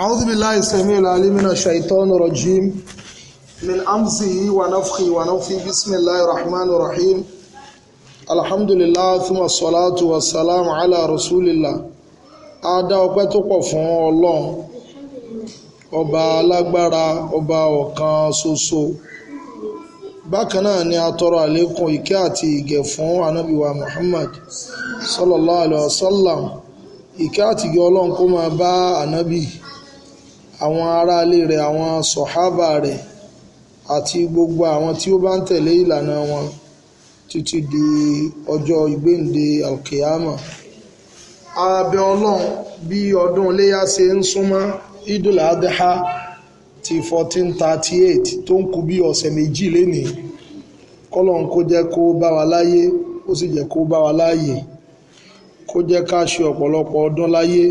أعوذ بالله السميع العليم من الشيطان الرجيم من أمزه ونفخه ونفخه بسم الله الرحمن الرحيم الحمد لله ثم الصلاة والسلام على رسول الله ada ọpẹ́ tó الله fún Ọlọ́run ọba alágbára ọba ọ̀kan ṣoṣo bákan náà ni a tọrọ àlékún ìkẹ́ àti ìgẹ̀ fún anábìwa Muhammad sallallahu alayhi wa sallam ìkẹ́ àti ìgẹ̀ Ọlọ́run kó máa bá anábì àwọn aráalé rẹ̀ àwọn sọ̀hábà rẹ̀ àti gbogbo àwọn tí ó bá ń tẹ̀lé ìlànà wọn títí di ọjọ́ ìgbéǹde alkiyama abẹ ọlọ́run bí ọdún iléyà ṣe ń súnmọ́ idul adha ti 1438 tó ń kù bí ọ̀sẹ̀ méjì lénìí kọ́lọ́n kó jẹ́ kó bá wa láyé ó sì jẹ́ kó bá wa láàyè kó jẹ́ ká ṣe ọ̀pọ̀lọpọ̀ ọdún láyé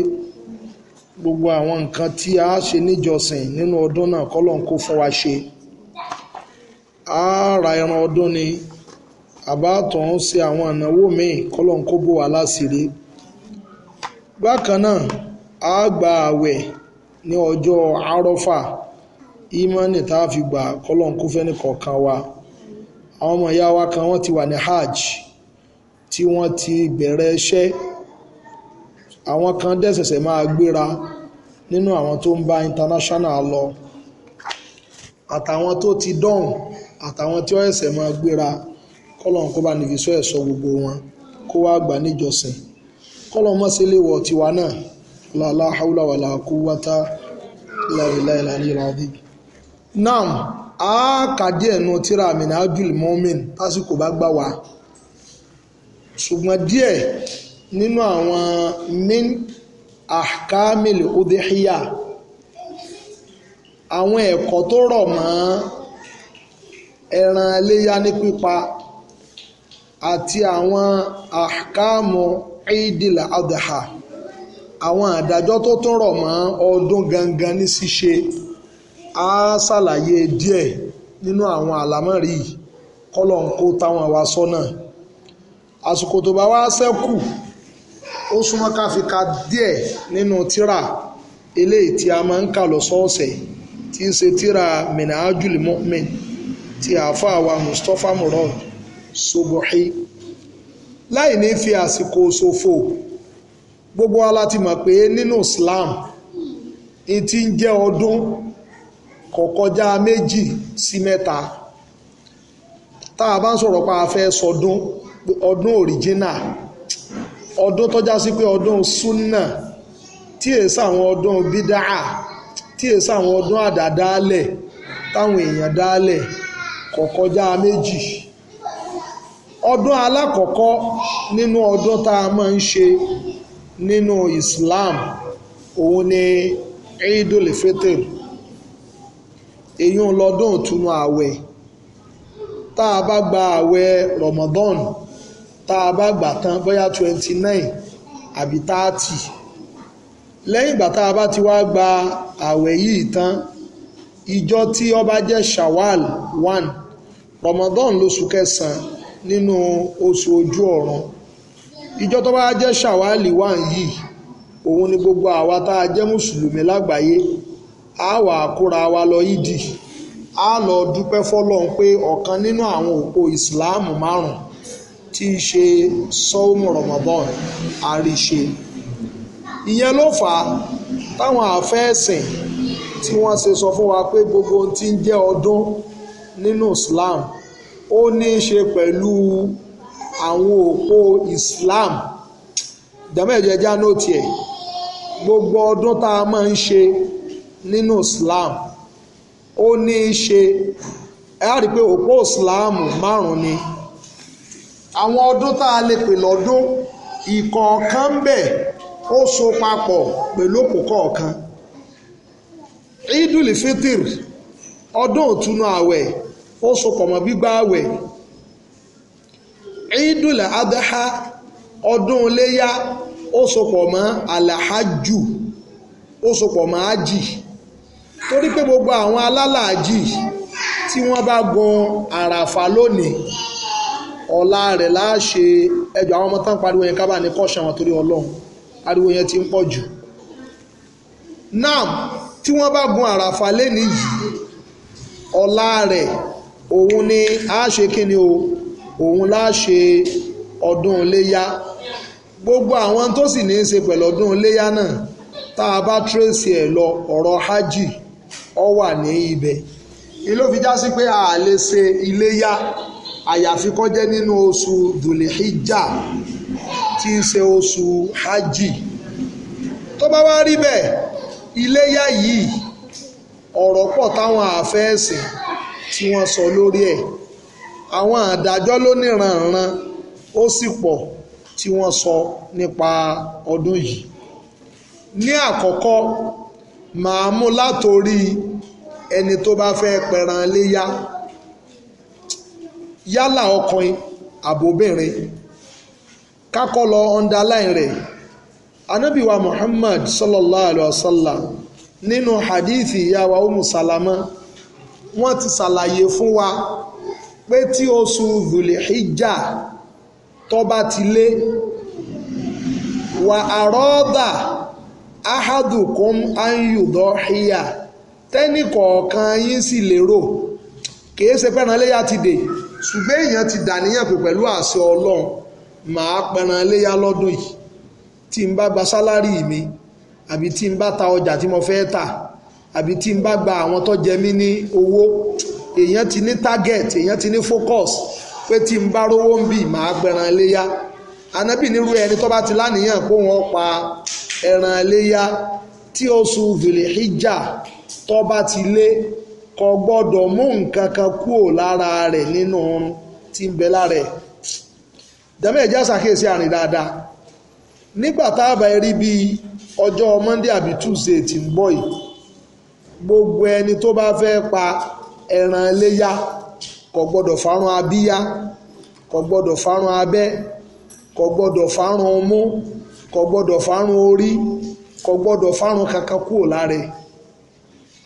gbogbo àwọn nǹkan tí a ṣe níjọsìn nínú ọdún náà kọ́lọ́n kó fún wa ṣe a ra ẹran ọdún ni àbátan ṣe àwọn ìnáwó míì kọ́lọ́n kó bò wá láṣìírí bákan náà a gba àwẹ̀ ní ọjọ́ arọ́fà ìmọ̀ọ́nì tá a fi gbà kọ́lọ́n kó fẹ́ ní kọ̀ọ̀kan wa àwọn ọmọ ìyá wa kan wọ́n ti wà ní hajj tí wọ́n ti bẹ̀rẹ̀ iṣẹ́ àwọn kan dẹ̀ ṣẹ̀ṣẹ̀ máa gbéra nínú àwọn tó ń bá international lọ àtàwọn tó ti dọ̀hùn àtàwọn tí ó ẹ̀sẹ̀ máa gbéra kọ́lọ́n kó bá níbi sọ ẹ̀sọ́ gbogbo wọn kó wá gbà níjọsìn kọ́lọ́n mọ́ sí léwọ̀ tiwa náà lálá haúlá wà láàkú wátá láìláìláì ràdí. nam a kà díẹ̀ nu tíra àmì náà jùlọ mọ́mìn tásìkò bá gbà wá ṣùgbọ́n díẹ̀ nínú àwọn min ahkamil udhiya àwọn ẹ̀kọ́ tó rọ̀ mọ́ ẹran iléyá ní pípa àti àwọn ahkamu idil adha àwọn àdájọ́ tó tún rọ̀ mọ́ ọdún gangan ní ṣíṣe á ṣàlàyé díẹ̀ nínú àwọn àlámọ̀rí yìí kọ́lọ̀ ń kó táwọn wa sọ́nà àsìkò tó bá wá ṣẹ́kù ó súnmọ́ ká fi ka díẹ̀ nínú tírà eléyìí tí a máa ń kà lọ́sọ̀ọ̀sẹ̀ tí í ṣe tírà minahajul mu'min ti àáfàá wa mustapha murad sobohi láì ní fi àsìkò ṣòfò gbogbo wa láti mọ̀ pé nínú islam ti ń jẹ́ ọdún kọ̀kọ́já méjì sí mẹ́ta tá a bá ń sọ̀rọ̀ pa afẹ́ sọdún ọdún original ọdún tó já sí pé ọdún súnà tí è sáwọn ọdún bídáà tí è sáwọn ọdún àdádálẹ̀ táwọn èèyàn dálẹ̀ kò kọjá méjì ọdún alákọ̀ọ́kọ́ nínú ọdún tá a máa ń ṣe nínú Islam òun ni Eidul Fitr èyí ń lọ́dún ìtúnu ààwẹ̀ tá a bá gba ààwẹ̀ Ramadan tá a bá gbà tán bóyá twenty nine àbí thirty lẹ́yìn ìgbà tá a bá ti wá gba àwẹ̀ yìí tán ìjọ tí ó jẹ́ shawal one Ramadan lóṣù kẹsàn-án nínú oṣù ojú ọ̀run ìjọ tó bá jẹ́ shawal one yìí òun ni gbogbo àwa tá a jẹ́ mùsùlùmí lágbàáyé a wà kóra wa lọ yídì a lọ dúpẹ́ fọlọ́run pé ọ̀kan nínú àwọn òpó ìsìláàmù márùn-ún tí í ṣe sọ́ọ̀mù Ramadan àríṣe ìyẹn ló fà á táwọn àfẹ́ẹ̀sìn tí wọ́n ṣe sọ fún wa pé gbogbo ohun tí ń jẹ́ ọdún nínú Islam ó ní í ṣe pẹ̀lú àwọn òpó Islam dàmẹ́jẹ̀ já nóòtì ẹ̀ gbogbo ọdún tá a máa ń ṣe nínú Islam ó ní í ṣe ẹ̀ á rí i pé òpó Islam márùn-ún ni àwọn ọdún tá a lè pè lọ́dún ìkọ̀ọ̀kan bẹ̀ ó so papọ̀ pẹ̀lú òkú kọ̀ọ̀kan idul fitr ọdún ìtúnú àwẹ̀ ó so pọ̀ mọ́ àwẹ̀ idul adha ọdún iléyá ó so pọ̀ mọ́ alahajù ó so pọ̀ mọ́ ájì torí pé gbogbo àwọn alálàájì tí wọ́n bá gun àràfà lónìí ọ̀la rẹ̀ láàṣe ẹjọ́ àwọn ọmọ tán pariwo yẹn kábà ní kọ́ṣà wọn torí ọlọ́run ariwo yẹn ti ń pọ̀ jù náà tí wọ́n bá gun àràfà lẹ́ni yìí ọ̀la rẹ̀ òun ni a ṣe kíni o òun láṣe ọdún iléyá gbogbo àwọn tó sì ní í ṣe pẹ̀lú ọdún iléyá náà tá a bá tírèsì ẹ̀ lọ ọ̀rọ̀ hajj ọ wà ní ibẹ̀ ilé òfin já sí pé a lè ṣe iléyá àyàfi kó jẹ́ nínú oṣù dùlìhíjà tí ń ṣe oṣù hajj tó bá wá rí bẹ́ẹ̀ iléyà yìí ọ̀rọ̀ pọ̀ táwọn àfẹ́ẹ̀sìn tí wọ́n sọ lórí ẹ̀ àwọn àdájọ́ ló níranran ó sì pọ̀ tí wọ́n sọ nípa ọdún yìí ní àkọ́kọ́ màá mú látorí ẹni tó bá fẹ́ pẹran léyà yálà ọkùnrin àbòbìnrin kákọ́ lọ underline rẹ̀ anábìwa muhammad sallallahu alayhi wa sallam nínú hadithi ìyàwó umu salama wọ́n ti ṣàlàyé fún wa pé tí oṣù zulhijjah tó bá ti lé wà àrọ́dà ahadukum anyudohiya tẹ́nì kọ̀ọ̀kan yín sì lérò kìí ṣe pẹ́ran léyà ti dé ṣùgbọ́n èèyàn ti dàníyàn pé pẹ̀lú àṣẹ ọlọ́run màá pẹran léyà lọ́dún yìí tí n bá gba sálárì mi àbí tí n bá ta ọjà tí mo fẹ́ tà àbí tí n bá gba àwọn tó jẹ mí ní owó èèyàn ti ní target èèyàn ti ní focus pé tí n bá rówó ń bì màá pẹran léyà ànábì nírú ẹni tó bá ti láníyàn pé wọ́n pa ẹran léyà tí oṣù Dhul Hijjah tó bá ti lé kò gbọ́dọ̀ mú nǹkan kan kúrò lára rẹ̀ nínú oorun tí ń bẹ lára ẹ̀ dàmí ẹ̀já ṣàkíyèsí àrìn dáadáa nígbà tá a bá rí bí ọjọ́ Monday àbí Tuesday ti ń bọ̀ yìí gbogbo ẹni tó bá fẹ́ pa ẹran iléyá kò gbọ́dọ̀ fárun abíyá kò gbọ́dọ̀ fárun abẹ́ kò gbọ́dọ̀ fárun ọmú kò gbọ́dọ̀ fárun orí kò gbọ́dọ̀ fárun kankan kúrò lára ẹ̀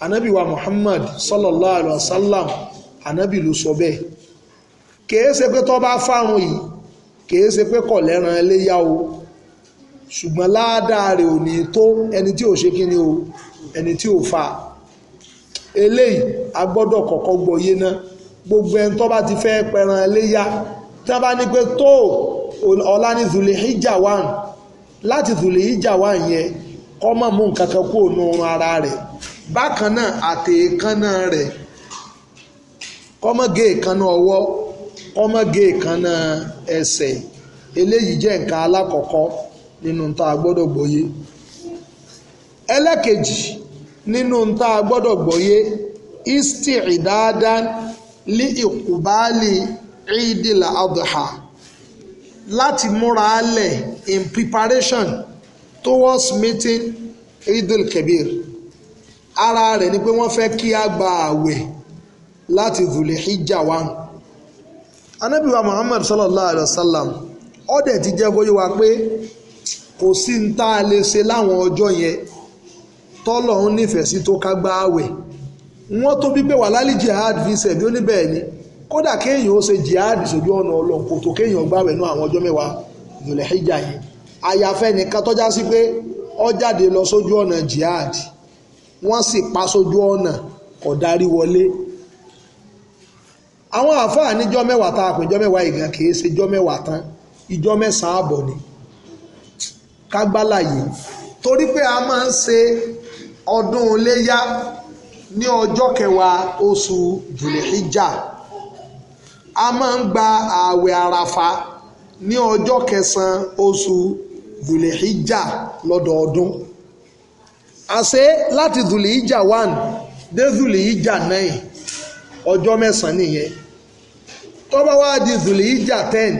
anabi wa muhammad sallallahu alaihi wasallam anabi ló sọ bẹ́ẹ̀ kìí ṣe pé tó bá fárun yìí kìí ṣe pé kọ̀ lẹ́ran ẹlẹ́yà o ṣùgbọ́n ládàá rẹ̀ ò ní tó ẹni tí ò ṣe kí ni o ẹni tí ò fa eléyìí a gbọ́dọ̀ kọ́kọ́ gbọ́yé ná gbogbo ẹni tó bá ti fẹ́ pẹran ẹlẹ́yà tí wọ́n bá ní pé tó ọ̀la ní zulihijja láti zulihijja one yẹn kọ́ mọ̀ mú nǹkan kan kúrò nù ara rẹ̀ bákan náà àtẹ̀ẹ̀kánná rẹ̀ kọ́mọ́gé èkánná ọwọ́ kọ́mọ́gé èkánná ẹsẹ̀ eléyìí jẹ́ nǹkan alákọ̀ọ́kọ́ nínú tá a gbọ́dọ̀ gbọ́yé ẹlẹ́kejì nínú tá a gbọ́dọ̀ gbọ́yé isti ìdáadáa lí ìkùbálì ìdìlà adha láti múra alẹ̀ in preparation towards meeting Eid al-Kabir ara rẹ̀ ni pé wọ́n fẹ́ kí a gba àwẹ̀ láti dhul hijja wa Ànábì Muhammad sallallahu alayhi wa sallam ó dẹ̀ ti jẹ́ kó yé wa pé kò sí ń tá a lè ṣe láwọn ọjọ́ yẹn tọ́lọ́run nífẹ̀ẹ́ sí tó ká gba àwẹ̀ wọ́n tó bí pé wà lálẹ́ jihad fi ṣẹ̀bí ó ní bẹ́ẹ̀ ni kódà kéèyàn ó ṣe jihad sójú ọ̀nà ọlọ́run kò tó kéèyàn gbàwẹ̀ nú àwọn ọjọ́ mẹ́wàá dhul hijja yẹn àyàfẹ́ nìkan tọ́já sí pé ó jáde lọ sójú ọ̀nà jihad wọ́n sì pa sójú ọ̀nà kò darí wọlé àwọn àáfàá níjọ́ mẹ́wàá tá a pè jọ́ mẹ́wàá ìgbà kìí ṣe jọ́ mẹ́wàá tán ìjọ́ mẹ́sàn-án àbọ̀ ni kágbálàyé torí pé a máa ń ṣe ọdún iléyá ní ọjọ́ kẹwàá oṣù jùlẹ̀híjà a máa ń gba ààwẹ̀ àràfà ní ọjọ́ kẹsàn-án oṣù jùlẹ̀híjà lọ́dọọdún àṣé láti dùlì ìjà one dé dùlì ìjà nine ọjọ́ mẹ́sàn-án nìyẹn tó bá wá di dùlì ìjà ten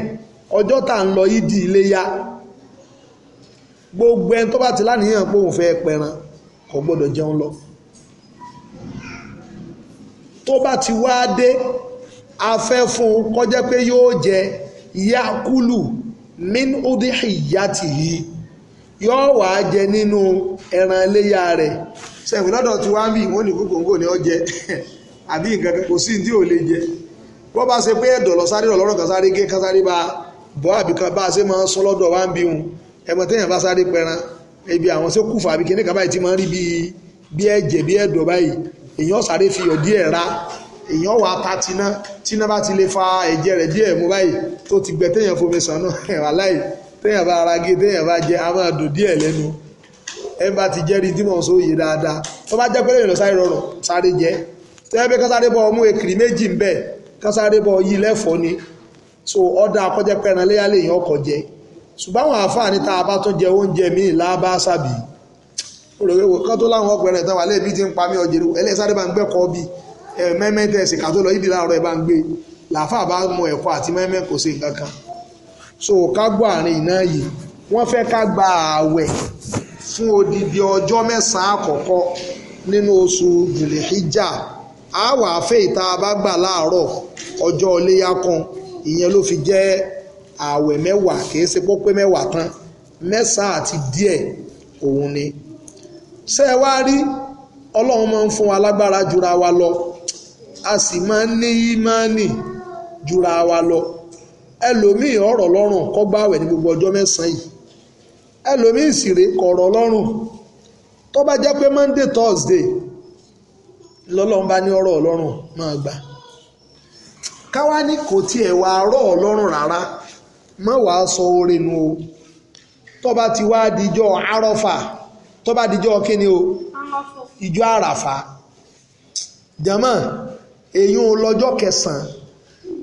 ọjọ́ tá à ń lọ yìí di iléyá gbogbo ẹni tó bá ti láníyàn pé òun fẹ́ pẹran kò gbọ́dọ̀ jẹun lọ tó bá ti wá dé afẹ́ fún un kọjá pé yóò jẹ yakulu min odi ìyá tìyí yóò wá jẹ nínú ẹran iléyà rẹ̀ sẹ́yìn lọ́dọ̀ tí wá ń bì wọ́n ní kókòǹgò ni ó jẹ àbí nǹkan kan kò sí ní tí ò lè jẹ bó bá ṣe pé ẹ̀dọ̀ lọ sáré lọ́rọ̀ kan sáré gé kan sáré bá bọ́ àbí kan bá ṣe máa ń sọ lọ́dọ̀ wá ń bí wọn ẹ̀mọ́ téèyàn bá sáré pẹran ibi àwọn ṣé kùfà àbí kíní kan báyìí ti máa ń rí bí bí ẹ̀jẹ̀ bí ẹ̀dọ̀ báyìí èèyàn sáré fi ta tiná tiná bá ti lè fa ẹ̀jẹ̀ rẹ̀ díẹ̀ mú báyìí tó ti gbẹ téèyàn fomi sàn náà wà láì téèyàn bá ara gé téèyàn bá jẹ a máa dùn díẹ̀ lẹ́nu ẹ bá ti jẹ́rìí tí mò ń sóye dáadáa tó bá jẹ́ pé lè sáré rọrùn sáré tẹ́lẹ̀ bí kásáré ekiri méjì ń bẹ̀ kásáré bọ́ yí ọ̀dà akọ́jẹ́ léyà lèyìn ọkọ̀ jẹ ṣùgbọ́n àwọn tá a bá tún jẹ oúnjẹ míì lábá sàbí tó láwọn mí so ká gbọ́ àárín iná yìí wọ́n fẹ́ ká gba ààwẹ̀ fún odidi ọjọ́ mẹ́sàn-án àkọ́kọ́ nínú oṣù jùlẹ̀híjà á wà fẹ́ ìta bá gbà láàárọ̀ ọjọ́ iléyà kan ìyẹn ló fi jẹ́ ààwẹ̀ mẹ́wàá kì í ṣe pópé mẹ́wàá tán mẹ́sàn-án àti díẹ̀ òun ni ṣé ẹ wá rí ọlọ́run máa ń fún wa lágbára jura wa lọ a sì máa ń ní ímánì jura wa lọ. ẹlòmíì ọ̀rọ̀ lọ́rùn kọ gbààwẹ̀ ní gbogbo ọjọ́ mẹsàn án yìí ẹlòmíì sì rèé tó bá jẹ́ pé monday thursday lọ́lọ́run bá ní ọ̀rọ̀ ọlọ́run máa gbà káwá ní kò tiẹ̀ wá rárá má wàá sọ oore nu o tó bá ti wá tó bá kíni o ìjọ àràfà èyí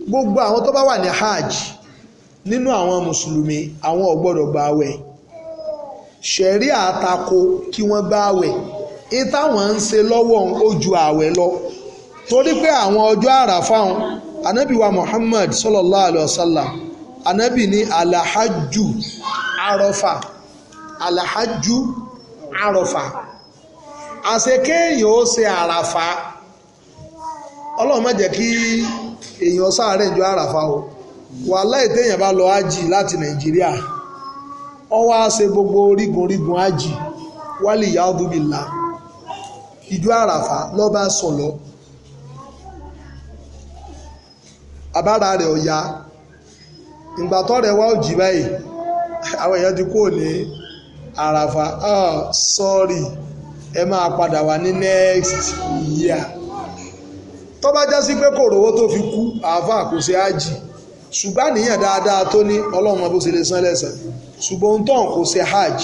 gbogbo àwọn tó bá wà ní hajj nínú àwọn mùsùlùmí àwọn ò gbọ́dọ̀ gba àwẹ̀ ṣẹ̀rí àtakò kí wọ́n gba àwẹ̀ ìtàwọn ń ṣe lọ́wọ́ ojú àwẹ̀ lọ torí pé àwọn ọjọ́ àràfà wọn anabi wa muhammad sallallahu alayhi wa sallam anabi ní alahajju arọfà alahajju arọfà àṣekéèyàn ó ṣe àràfà ọlọ́run má jẹ́ kí èèyàn sáàárẹ̀ ju àràfà o wà ètò èèyàn bá lọ ájì láti nàìjíríà ó wá ṣe gbogbo orígunrígun ájì wálé ìyá ọdúnbìlà ìjọ àràfà ló bá sùn lọ àbára rẹ̀ ọ̀yà ìgbà tọ́rẹ̀ wá òjì báyìí àwọn èèyàn ti kú ní àràfà ah sorry ẹ máa padà wá ní next year. tó bá já sí pé kò rówó tó fi kú àáfà kò ṣe ájì ṣùgbọ́n níyàn dáadáa tó ní ọlọ́run ọmọ bó ṣe lè san lẹ́sàn ṣùgbọ́n tó ń kò ṣe hajj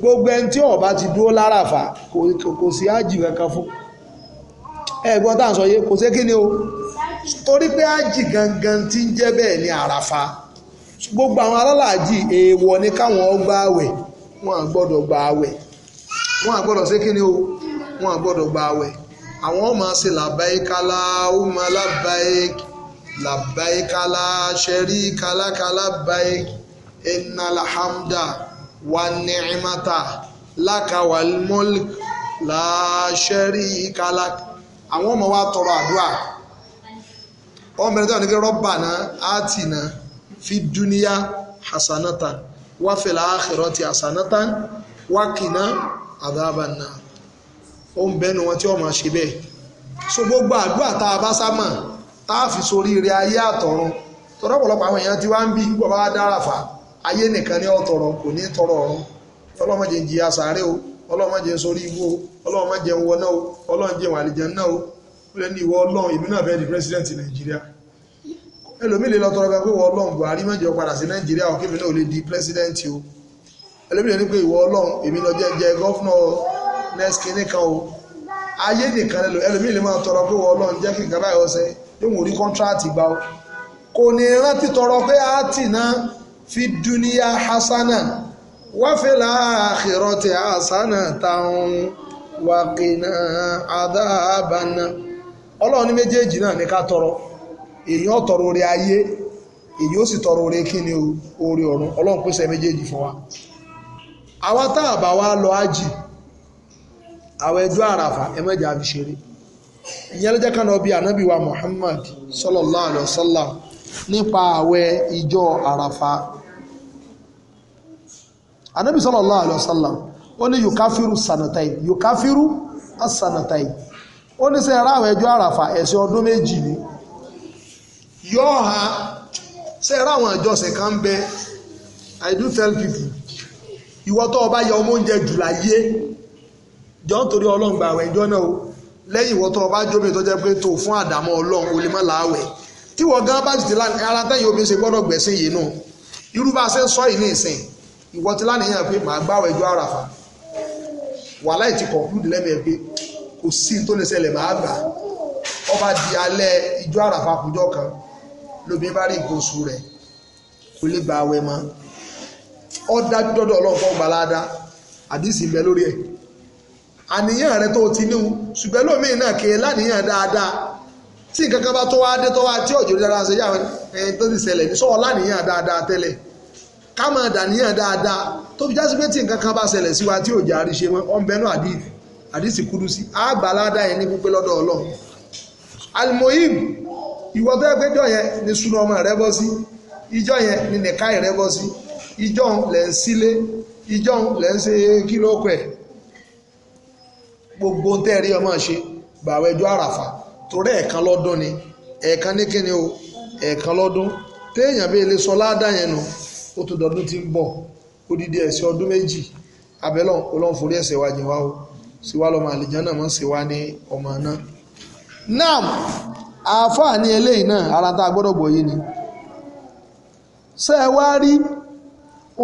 gbogbo ẹni tí ọba ti dúró láràfà kò sí hajj kankan fún ẹ̀gbọ́n tá à ń sọ yé kò ṣe kí ni o torí pé hajj gangan ti ń jẹ́ bẹ́ẹ̀ ní àràfà gbogbo àwọn alálàájì èèwọ̀ ni káwọn gba àwẹ̀ wọn à gbọ́dọ̀ àwẹ̀ wọn à ṣe kí ni o wọn à gbọ́dọ̀ àwẹ̀ àwọn ọmọ ṣe làbáyíkálá ọmọ làbáyík làbáyíkálá ṣẹ̀rí kálákálá báyík innal hamda wà ni'mata láka wal mulk la sharika lak àwọn ọmọ wa tọrọ àdúrà ọmọ ẹni tí wọn ní kí rọ́bà náà áàtì náà fi dúníyà hasanatan wáfẹ̀lá akhirati hasanatan wákìnà adhaban nar. ó ń bẹ́nu wọn tí wọ́n máa ṣe bẹ́ẹ̀ so gbogbo àdúrà tá a bá tá a fi sórí rẹ ayé àtọ̀run tọrọ ọ̀pọ̀lọpọ̀ àwọn èèyàn tí wá ń bí dára fà ayé nìkan ní ọtọrọ kò ní tọrọ ọ̀run ọlọ́mọdé ń jìyà sàárẹ̀ o ọlọ́mọdé ń ń wọná o ń náà o ó ní ìwọ náà di nàìjíríà lè lọ tọrọ pé ìwọ next kan o ayé nìkan elu ẹlòmíì lè máa tọrọ pé wọ́n ọlọ́run jẹ́ kí nǹkan báyìí ọ̀sẹ̀ yóò wò rí kọ́ńtíráàtì gbà o kò ní rántí tọrọ pé fi dúníyà hasana wáfẹ́lá àkìrọ̀tì hasana táwọn wàkìnà àdáàbànà ọlọ́run méjèèjì náà ní ká tọrọ èyàn tọrọ orí ayé èyí ó sì tọrọ orí kíni orí ọ̀run ọlọ́run pèsè méjèèjì fún wa àwa tá a bá wa lọ ájì àwọn ẹjọ́ àràfà ẹ má jẹ́ a fi ṣeré ìyẹn ló jẹ́ ká náà bí ànábì wa Muhammad sallallahu alaihi wasallam nípa àwẹ̀ ìjọ àràfà ànábì sallallahu alaihi wasallam ó ní yukafiru sanatai yukafiru asanatai ó ní sẹ́ ẹ̀rá àwọn ẹjọ́ àràfà ẹ̀ṣẹ̀ ọdún méjì ni yóò sẹ́ ẹ̀rá àwọn ìjọsìn kan I do tell people ìwọ tó yọ ọmọ oúnjẹ jù láyé jọ nítorí ọlọ́run gba àwẹ̀ ìjọ náà o lẹ́yìn ìwọ tó o bá jómi tó jẹ́ pé tó fún àdámọ́ ọlọ́run o lè má láàwẹ̀ tí wọ́n gan bá jìtì láàrin ara tẹ́yìn omi ṣe gbọ́dọ̀ gbẹ̀sìn yìí nù irú bá a ṣe ń sọ yìí ní ìsìn ìwọ ti lánìyàn pé màá gbàwẹ̀ ìjọ àràfà wàhálà ìtì conclude lẹ́mẹ̀ẹ́ pé kò sí tó lè ṣẹlẹ̀ màá gbà ọba di alẹ́ ìjọ àràfà kùjọ kan lóbi bá rí nǹkan oṣù rẹ̀ kò lè gbà àwẹ̀ mọ́ ọ dájú dọ́dọ̀ ọlọ́run fọ́ gbàládá àdìsí ń bẹ lórí ẹ̀ àníyàn rẹ tó ti níwu ṣùgbọ́n lómi náà kì í láníyàn dáadáa tí nǹkan kan bá tó wá dé tó wá tí òjò dára ṣe yá ẹni tó ti ṣẹlẹ̀ ní sọ́wọ́ láníyàn dáadáa tẹ́lẹ̀ ká máa dàníyàn dáadáa tó fi já sí pé tí nǹkan kan bá ṣẹlẹ̀ sí wa tí òjò wọn ọ̀n sí àgbà yẹn ní lọ́dọ̀ alimoyim ìwọ ni ọmọ rẹ bọ́ ni rẹ bọ́ sí lẹ́ ń sílé lẹ́ gbogbo tẹ́ rí ọmọ ṣe gbàwẹ̀ ọjọ́ àràfà torí ẹ̀ẹ̀kan lọ́dún ni ẹ̀ẹ̀kan ní kíni o ẹ̀ẹ̀kan lọ́dún téèyàn bí ilé sọ ládàá yẹn nu ó tún dọdún ti ń bọ̀ odidi ẹ̀ṣẹ̀ ọdún méjì abẹ́lọ́ ọlọ́run forí ẹ̀ṣẹ̀ wa jìn o sì lọ́mọ àlìján náà mọ̀ sí wá ní ọmọ náà. nam àáfàá ní eléyìí náà ara tá a gbọ́dọ̀ gbọ́ yìí ni ṣé ẹ wá rí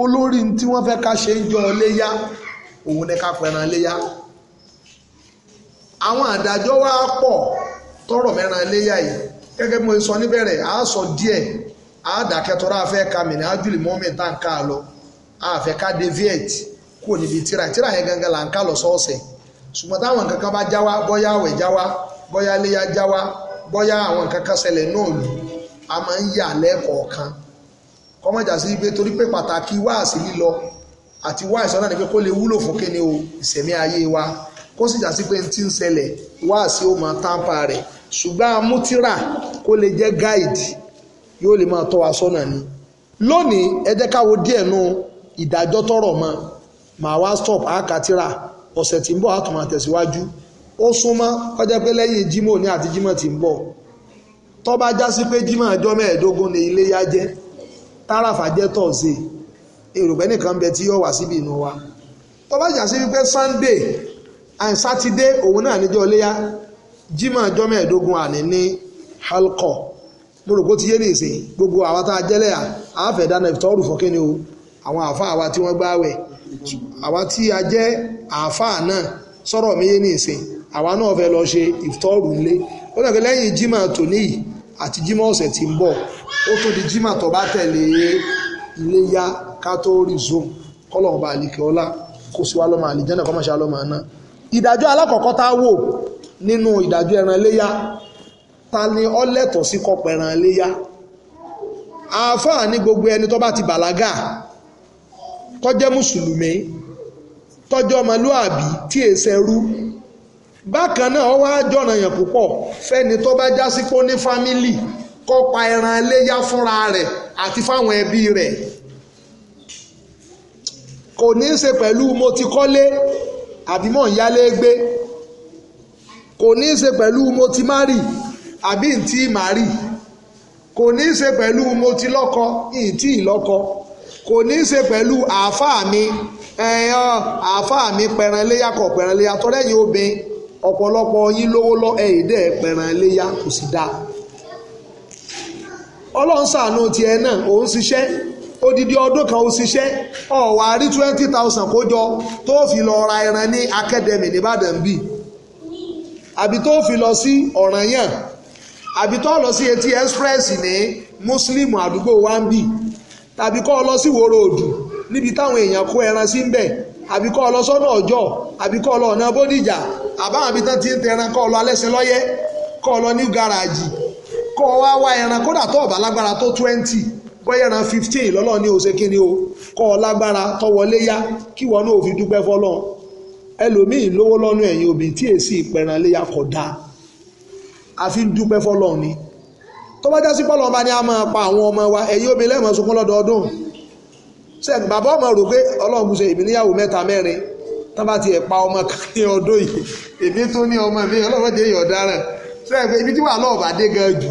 olórí tí wọ́n fẹ́ ká ṣe ń jọ léyá òun ni ká pẹran léyá àwọn àdájọ́ wa pọ̀ tọrọ mẹ́ran léyà yìí gẹ́gẹ́ bí mo sọ níbẹ̀rẹ̀ a sọ díẹ̀ a dàkẹ́tọ́rọ́ afẹ́ ka mìíràn ájúlì mọ́mìn tá n ká lọ àfẹ́ ká deviet kò níbi tíra tíra yẹn gangan là ń ká lọ sọ́ọ̀sẹ̀ ṣùgbọ́n táwọn nǹkan kan bá já wa bọ́yá àwẹ̀ já wa bọ́yá já wa bọ́yá àwọn nǹkan kan ṣẹlẹ̀ náà lù a máa ń yà lẹ́ẹ̀kọ̀ọ̀kan kọ́mọ̀jà sí torí pé pàtàkì wáàsí lílọ àti ni o ayé wa kó sì jásí pé ti ń ṣẹlẹ̀ wá sí ó máa tápà rẹ̀ ṣùgbọ́n amútírà kó lè jẹ́ gáìdì yóò lè máa tọ́ wa sọ́nà ni lónìí ẹ jẹ́ ká wo díẹ̀ nu ìdájọ́ tọrọ mọ́ màá wá stop àkàtìrà ọ̀sẹ̀ tí ń bọ̀ àtọ̀ máa tẹ̀síwájú ó súnmọ́ kọjá pé lẹ́yìn jímọ̀ ní àti jímọ̀ tí ń bọ̀ tó bá já pé jímọ̀ ọjọ́ mẹ́ẹ̀ẹ́dógún ni iléyá jẹ́ tàràfà jẹ́ tọ̀ọ̀sẹ̀ èrò pẹ́ nìkan bẹ tí yóò wá síbi inú wa tó bá já sí Sunday and sátidé òun náà níjọ́ léyà jímọ̀ ọjọ́ mẹ́ẹ̀ẹ́dógún àní ní halkọ mo ti yé ní ìsìn gbogbo àwa tá a jẹ́lẹ̀ àáfẹ́ dáná ìtọ́rù fọ́kẹ́ ni o àwọn àáfà àwa tí wọ́n gbáwẹ̀ àwa tí a jẹ́ àáfà náà sọ̀rọ̀ mi yé ní ìsìn àwa náà fẹ́ lọ ṣe ìtọ́rù ńlé ó dàgbé lẹ́yìn jímọ̀ tòní yìí àti jímọ̀ ọ̀sẹ̀ tí ń bọ̀ ó tó di jímọ̀ tó bá tẹ̀lé iléyá ká tó rí zoom kọ́lọ̀ ọba àlìkẹ́ ọlá kó sí wa lọ́mọ àlìjẹ́nà kọ́mọ̀ṣá lọ́mọ náà ìdájọ́ alákọ̀ọ́kọ́ tá a wò nínú ìdájọ́ ẹran léyá ta ni ó lẹ́tọ̀ọ́ sí kó pẹran léyá àáfàá ní gbogbo ẹni tó bá ti bàlágà tó jẹ́ mùsùlùmí tó jẹ́ ọmọlúàbí tí è ṣẹrú bákan náà ó wá jọ̀ràn yàn púpọ̀ fẹ́ni tó bá já sí pé ó ní fámílì kó ẹran léyá fúnra rẹ̀ àti fáwọn ẹbí rẹ̀ kò ní í ṣe pẹ̀lú mo ti kọ́lé àbí mò ń yálé gbé kò ní í ṣe pẹ̀lú mo ti má rì àbí ntí má rì kò ní í ṣe pẹ̀lú mo ti lọ́kọ ntí ìlọ́kọ kò ní í ṣe pẹ̀lú àáfàá mi ẹ̀yàn àáfàá mi pẹ̀rànléyà kọ̀ pẹ̀rànléyà tọ́lẹ́yìn obìnrin ọ̀pọ̀lọpọ̀ yín lówó lọ ẹ̀yìn dẹ̀ pẹ̀rànléyà kò sì dáa ọlọ́run ṣàánú tiẹ̀ náà òun ṣiṣẹ́ odidi ọdún kan ó ṣiṣẹ́ ọ̀wà rí twenty thousand kó jọ tó fi lọ ra ẹran ní academy nìbàdàn bíi àbí tó fi lọ sí ọ̀rànyàn àbí tó lọ sí etí express ní muslim àdúgbò wambi tàbí kọ́ ọ lọ sí wòrò òdù níbi táwọn èèyàn kó ẹran sí ń bẹ̀ kọ́ ọ lọ sọ́nà ọjọ́ àbí ọ lọ ọ̀nà bódìjà àbáwọn àbí tán ti ń tẹran kó lọ alẹ́sẹ̀ lọ́yẹ́ kọ́ ọ lọ ní gáràjì kó wá wá ẹran kódà tó ọ̀bà lágbára tó twenty bọ́yẹ̀ràn fifteen lọ́lọ́ ní oṣù kínní o kọ́ ọ lágbára tọ́wọlé yá kí wọn náà fi dúpẹ́ fọ́lọ́ ẹlòmíì lówó lọ́nu ẹ̀yìn òbí tí èsì ìpẹ̀ràn léyà kọ̀ dáa àfi ń dúpẹ́ fọ́lọ́ ni tó bá jásí pọ́lọ́ ọba ni a máa pa àwọn ọmọ wa ẹ̀yin obìnrin lẹ́mọ̀ sunkún lọ́dọọdún ṣe bàbá ọmọ rò pé ọlọ́run ṣe èmi níyàwó mẹ́ta mẹ́rin tó bá tiẹ̀ pa ọmọ kan ní ọdún yìí èmi tó ní ọmọ mi ọlọ́run jẹ́ èèyàn ọ̀daràn ṣe ibi tí wàá lọ́ọ̀bà dé gan jù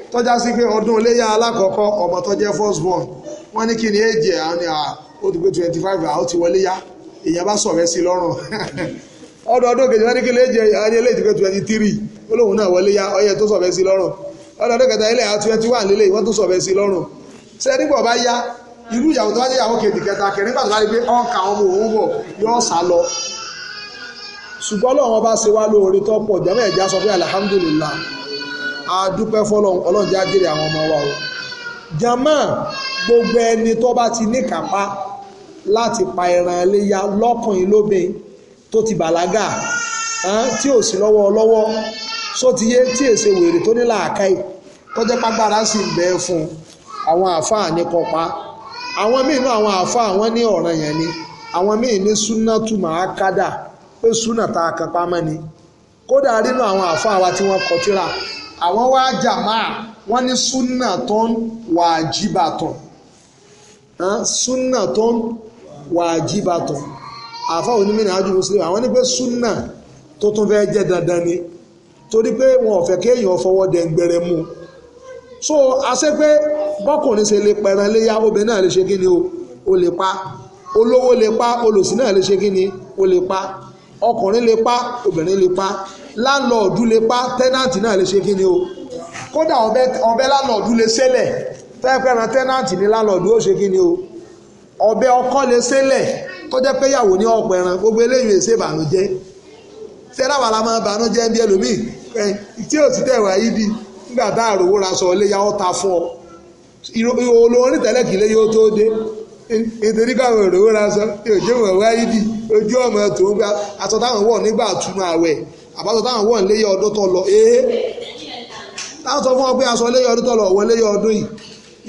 tọ́já sí pé ọdún iléyà alákọ̀ọ́kọ́ ọmọ tó jẹ́ first born wọ́n ní kí ni èjì àwọn ni ó ti pé twenty five àwọn ti wọlé yá èèyàn bá sọ̀rọ̀ sí lọ́rùn ọdọọdún kejì wọ́n ní kí ni èjì àwọn ni eléyìí ti pé twenty three olóhùn náà wọlé yá ọyẹ tó sọ̀rọ̀ sí lọ́rùn ọdọọdún kẹta ilé àwọn twenty one lélẹ̀ wọ́n tó sọ̀rọ̀ sí lọ́rùn ṣé nígbà ọba yá irú ìyàwó tó bá jẹ́ ìyàwó kejì kẹta kẹrin nígbà tó bá rí pé ọkà ọmọ òun bọ̀ yóò sá lọ ṣùgbọ́n Ọlọ́run bá ṣe wá lóore tó pọ̀ jẹ́mọ̀ ẹ̀já sọ pé alihamudulilayi àdúpẹ́ fọlọ́run ọlọ́run jẹ́ àjèrè àwọn ọmọ wa o jama gbogbo ẹni tó bá ti níkàpá láti pa ẹran iléyà lọ́kùnrin lóbìn tó ti bàlágà tí ò sí lọ́wọ́ lọ́wọ́ sótìyé tí èsè wèrè tó ní làákàyè tọ́jẹ́ pàgbára sì ń bẹ fún àwọn àáfàá ní kọpa àwọn míì náà àwọn àáfàá wọn ní ọ̀ràn yẹn ni àwọn míì ní súnà túmọ̀ ákádà pé súnà tá a kan pamọ́ ni kódà rínú àwọn àáfàá wa tí wọ́n kọ tíra àwọn wá jàmáà wọ́n ní súnà tó ń wàjibà tán súnà tó ń wàjibà tán àfa onímìnira ajú muslim àwọn ní pé súnà tó tún fẹ́ jẹ́ dandan ni torí pé wọn ò fẹ́ kéèyàn fọwọ́ dẹ̀ngbẹ̀rẹ̀ mu so àṣẹ pé bọ́kùnrin ṣe lè pẹran léyà obìnrin náà lè ṣe kí ni o ò lè pa olówó lè pa olòṣì náà lè ṣe kí ni o lè pa ọkùnrin lè pa obìnrin lè pa láńlọ́ọ̀dù lè pa tẹ́nàntì náà lè ṣe kí ni o kódà ọbẹ̀ láńlọ́ọ̀dù lè ṣẹlẹ̀ tẹ́ẹ̀pẹ̀ràn tẹ́nàntì ní láńlọ́ọ̀dù ó ṣe kí ni o ọbẹ̀ ọkọ lè ṣẹlẹ̀ tó jẹ́ pé yàwó ní ọ̀pọ̀ ẹran gbogbo eléyìí èsè ìbànújẹ́ tẹ́lá wà láwọn ìbànújẹ́ ń bí ẹlòmíì tí ò ti tẹ̀wá yìí bí nígbà tá àròwó ra sọ ilé yàwó ta fún ọ olórin tẹ́lẹ̀ kìlẹ̀ yóò tó dé nítorí káwọn òròwó ra sọ yóò jẹ́ wọ̀n wáyé bí ojú ọmọ tó ń gba aṣọ táwọn wọ̀ nígbà túnú àwẹ̀ àbátọ̀ táwọn wọ̀ ń léyẹ ọdún tó lọ ee eh? táwọn sọ fún ọ pé aṣọ léyẹ ọdún tó lọ wọ léyẹ ọdún yìí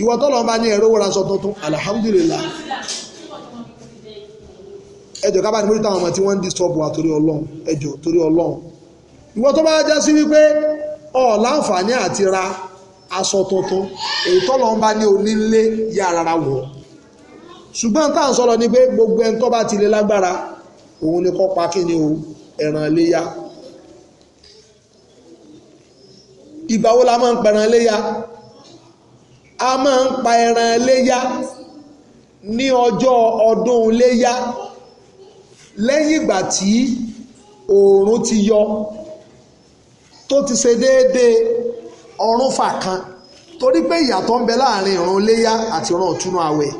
ìwọ tó lọ bá ní ẹ̀rọ wọra aṣọ tuntun alhamdulillah ẹjọ ká bá ní mọ́tò àwọn ọmọ tí wọ́n ń disturb wa torí ọlọ́run ẹjọ torí ọlọ́run ìwọ tó bá já sí wípé ọ láǹfààní àti ra aṣọ tuntun èyí tó lọ bá ní onílé yà rárá wọ̀ ṣùgbọ́n tá à ń sọ̀rọ̀ ni pé gbogbo ẹni tó bá ti lè lágbára òun ni kó pa kí o ẹ̀ràn léyà ìgbà wo la máa ń pẹran léyà a máa ń pa ẹran léyà ní ọjọ́ ọdún léyà lẹ́yìn ìgbà tí oòrùn ti yọ tó ti ṣe déédéé ọrún fà kan torí pé ìyàtọ̀ ń bẹ láàrin ìrun léyà àti ìrun òtúnú àwẹ̀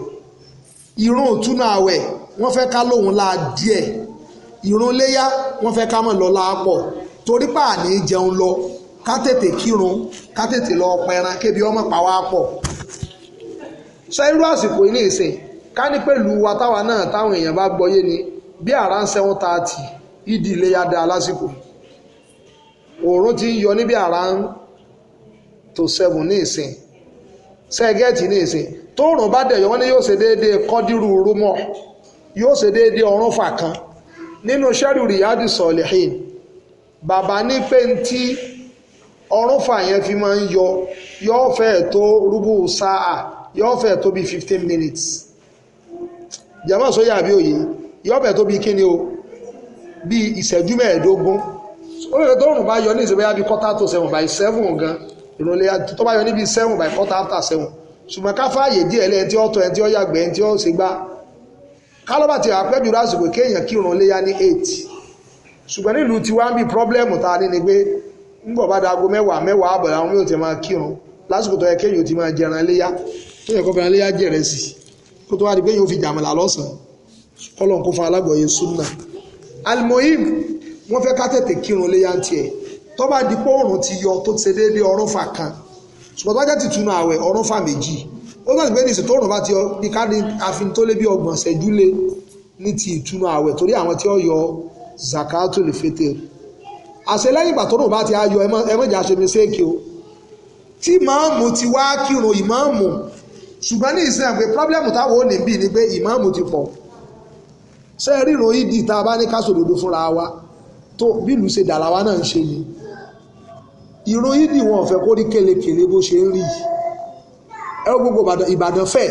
ìrun òtúnú àwẹ̀ wọ́n fẹ́ ká lóhun la díẹ̀ ìrun léyà wọ́n fẹ́ ká mọ̀ lọ́la pọ̀ torí pé jẹun lọ ká tètè kírun ká tètè lọ pẹran kébi ọmọ pa wá pọ̀ ṣé irú àsìkò ilé ìsìn ká ní pẹ̀lú wa táwa náà táwọn èèyàn bá gbọ́yé ni bí àrà ń seven thirty ìdí ilé yá dáa lásìkò òòrùn ti ń yọ níbi àrà ń tó seven ní ìsìn sẹ́gẹ́ẹ̀tì ní ìsìn tóòrùn bá dẹ̀ yọ ní yóò ṣe déédéé kọ́dírù rúmọ̀ yóò ṣe déédéé ọ̀rún fà kan nínú sẹ́rù rìyádì sọ̀lẹ̀hìn bàbá ní pé ń tí ọrùn fà yẹn fi máa ń yọ yóò fẹ́ tó rúbù sáà yóò fẹ́ tó bí fifteen minutes jàmọ́ sóyà àbí òye yóò fẹ́ tó bí kíni o bí ìṣẹ́jú mẹ́ẹ̀ẹ́dógún olóòtú tó rùn bá yọ ní ìṣẹ́bẹ́yà bí quarter to seven by seven gan ìrọ̀lẹ́ tó bá yọ níbi seven by quarter after seven ṣùgbọ́n ká fààyè díẹ̀ lẹ́yìn tí ó tọ́ ẹni tí ó yàgbẹ́ ẹni tí ó ṣe gbá kálọ́bà ti àpẹ́ jù lásìkò kéèyàn kírun léyà ní eight ṣùgbọ́n nílùú tiwa ń bí pírọ́blẹ́mù ta ní ni pé ńgbọ̀ bá dago mẹ́wàá mẹ́wàá àbọ̀ àwọn yóò ti máa kírun lásìkò tó yẹ kéèyàn ti máa jẹran léyà tó yẹ kó fẹ́ràn léyà jẹ̀rẹ̀ sí kó tó wá di pé yóò fi jàmàlà lọ́sàn-án kọ́lọ̀ kó fa alágbọ̀ọ́yé súnà. alimoyim wọ́n fẹ́ ká tètè kírun léyà ń tiẹ̀ tó bá di pé òòrùn ti yọ tó ti ṣe déédéé ọrùn fà kan ṣùgbọ́n tó bá jẹ́ tìtúnu àwẹ̀ ọrùn fà méjì ó bá ti yọ àṣẹ lẹ́yìn ìgbà tó rò bá ti ayọ̀ ẹmọ́jà ṣe mi séèkì o tí màámù ti wá kírun ìmáàmù ṣùgbọ́n ní ìsìn àgbẹ̀ pọ́blẹ́mù táwọn ò ní bí ni pé ìmáàmù ti pọ̀ ṣe ríro ìdí tá a bá ní kásòdodo fúnra wa tó bílù ṣe dàrá wa náà ń ṣe ni ìró ìdí wọn ò fẹ́ kó rí kélekèle bó ṣe ń rí yìí ẹ̀rọ gbogbo ìbàdàn fẹ̀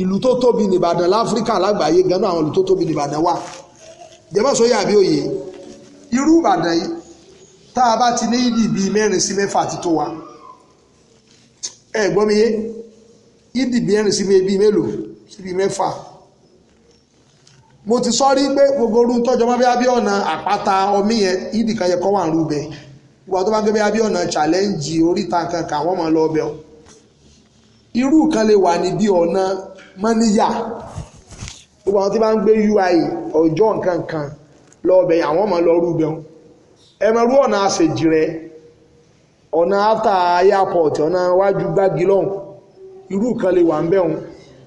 ìlú tó tóbi nìbàdàn láfíríkà lágbàáyé ganan àwọn ìlú tó tóbi nìbàdàn wà jẹ́mọ́ sóyà bí òye irú ìbàdàn yìí tá a bá ti ní ìdí bíi mẹ́rin sí mẹ́fà ti tó wa ẹ gbọ́ mi yé ìdí bíi mẹ́rin sí bíi mélòó sí bíi mẹ́fà mo ti sọ rí pé gbogbo orú tọ́jọ́ máa bí abẹ́ àpáta omi yẹn ìdí kan yẹ kọ́ wà ń rú bẹ́ẹ̀ ìwà bá gbé bí abẹ́ ọ̀nà challenge oríta kankan wọ́n máa lọ ọbẹ̀ o irú kan lè wà níbi ọ̀nà mọ́níyà gbogbo àwọn bá ń gbé ui ọjọ́ nǹkan kan lọ́ọ̀bẹ̀ àwọn ọmọ lọ́ọ́rù lọ ẹ mọ irú ọ̀nà àṣejì ọ̀nà after airport ọ̀nà iwájú gbági irú kan lè wà ń bẹ̀rún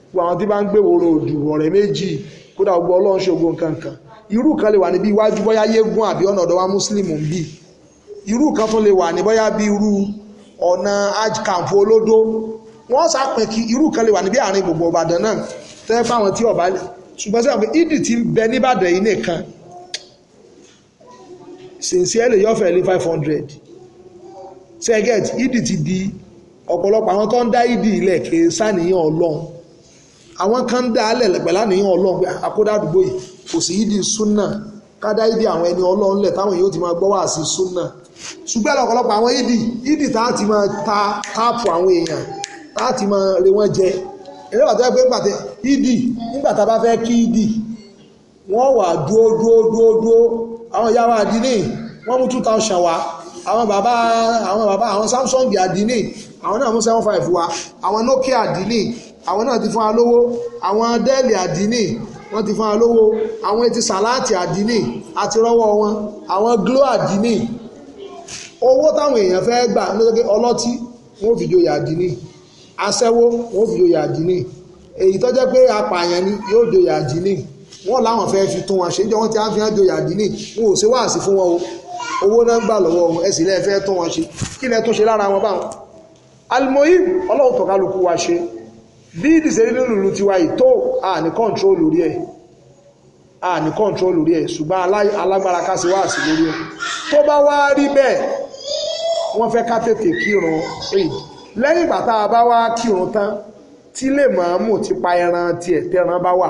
gbogbo àwọn tí bá ń gbé wòrò òdù ọ̀rẹ́ méjì kódà gbogbo ọlọ́run ṣògo kan irú wà níbi iwájú bóyá àbí ọ̀nà wa kan lè wà ní bóyá bí irú ọ̀nà olódó wọ́n kí irú kan lè wà níbi àárín gbogbo ọ̀bàdàn náà tẹ́ fáwọn tí ọ̀bá ṣùgbọ́n sincerely yóò fẹ́ lé five hundred seget ìdí ti di ọ̀pọ̀lọpọ̀ àwọn tó ń dá ìdí ilẹ̀ kì í sàníyàn ọlọ́run àwọn kan dá alẹ̀ pẹ̀lú àníyàn ọlọ́run pé àkódà ah, àdúgbò yìí kò sí ìdí súnà kádá ìdí àwọn ẹni ọlọ́run lẹ̀ táwọn yóò ti máa gbọ́ wá sí súnà ṣùgbọ́n ọ̀pọ̀lọpọ̀ àwọn ìdí ìdí tá a ti máa ta táàpù àwọn èèyàn tá a ti máa re wọ́n jẹ eré bàtà pé pàtẹ ìdí nígbà tá a bá fẹ́ kí ìdí wọ́n wà dúó dúó dúó dúó àwọn ìyá wa àdínì wọ́n mú two thousand wá àwọn bàbá àwọn bàbá àwọn Samsung àdínì àwọn náà mú seven five wá àwọn Nokia àdínì àwọn náà ti fún wa lówó àwọn Dell àdínì wọ́n ti fún wa lówó àwọn etí sàláàtì àdínì àti rọ́wọ́ wọn àwọn Glo àdínì owó táwọn èèyàn fẹ́ gbà lọ́sọ̀kẹ́ ọlọ́tí wọ́n fi joyè àdínì aṣẹ́wó wọ́n fi joyè àdínì èyí tó pé apààyàn ni yóò joyè àdínì wọ́n láwọn fẹ́ fi tún wọn ṣe níjọ́ wọn ti á fi hàn joyè àdínì wọn ò ṣe wáàsí fún wọn o owó náà gbà lọ́wọ́ wọn ẹ sì lẹ́ẹ̀ fẹ́ tún wọn ṣe kí lẹ́ẹ̀ tún ṣe lára wọn báwọn. alimoyim ọlọ́run tọ̀kálukú wa ṣe bí ìdìsẹ́rí lùlù tiwa ìtó àní kọ́ńtró lórí ẹ̀ àní kọ́ńtró lórí ẹ̀ ṣùgbọ́n alágbára ká ṣe wáàsí lórí ẹ̀ tó bá wá rí bẹ́ẹ̀ wọ́n fẹ́ ká tètè kírun èyí lẹ́yìn ìgbà tá a bá wá kírun tán tí lè máa mú ti pa ẹran tiẹ̀ tẹ́ran bá wà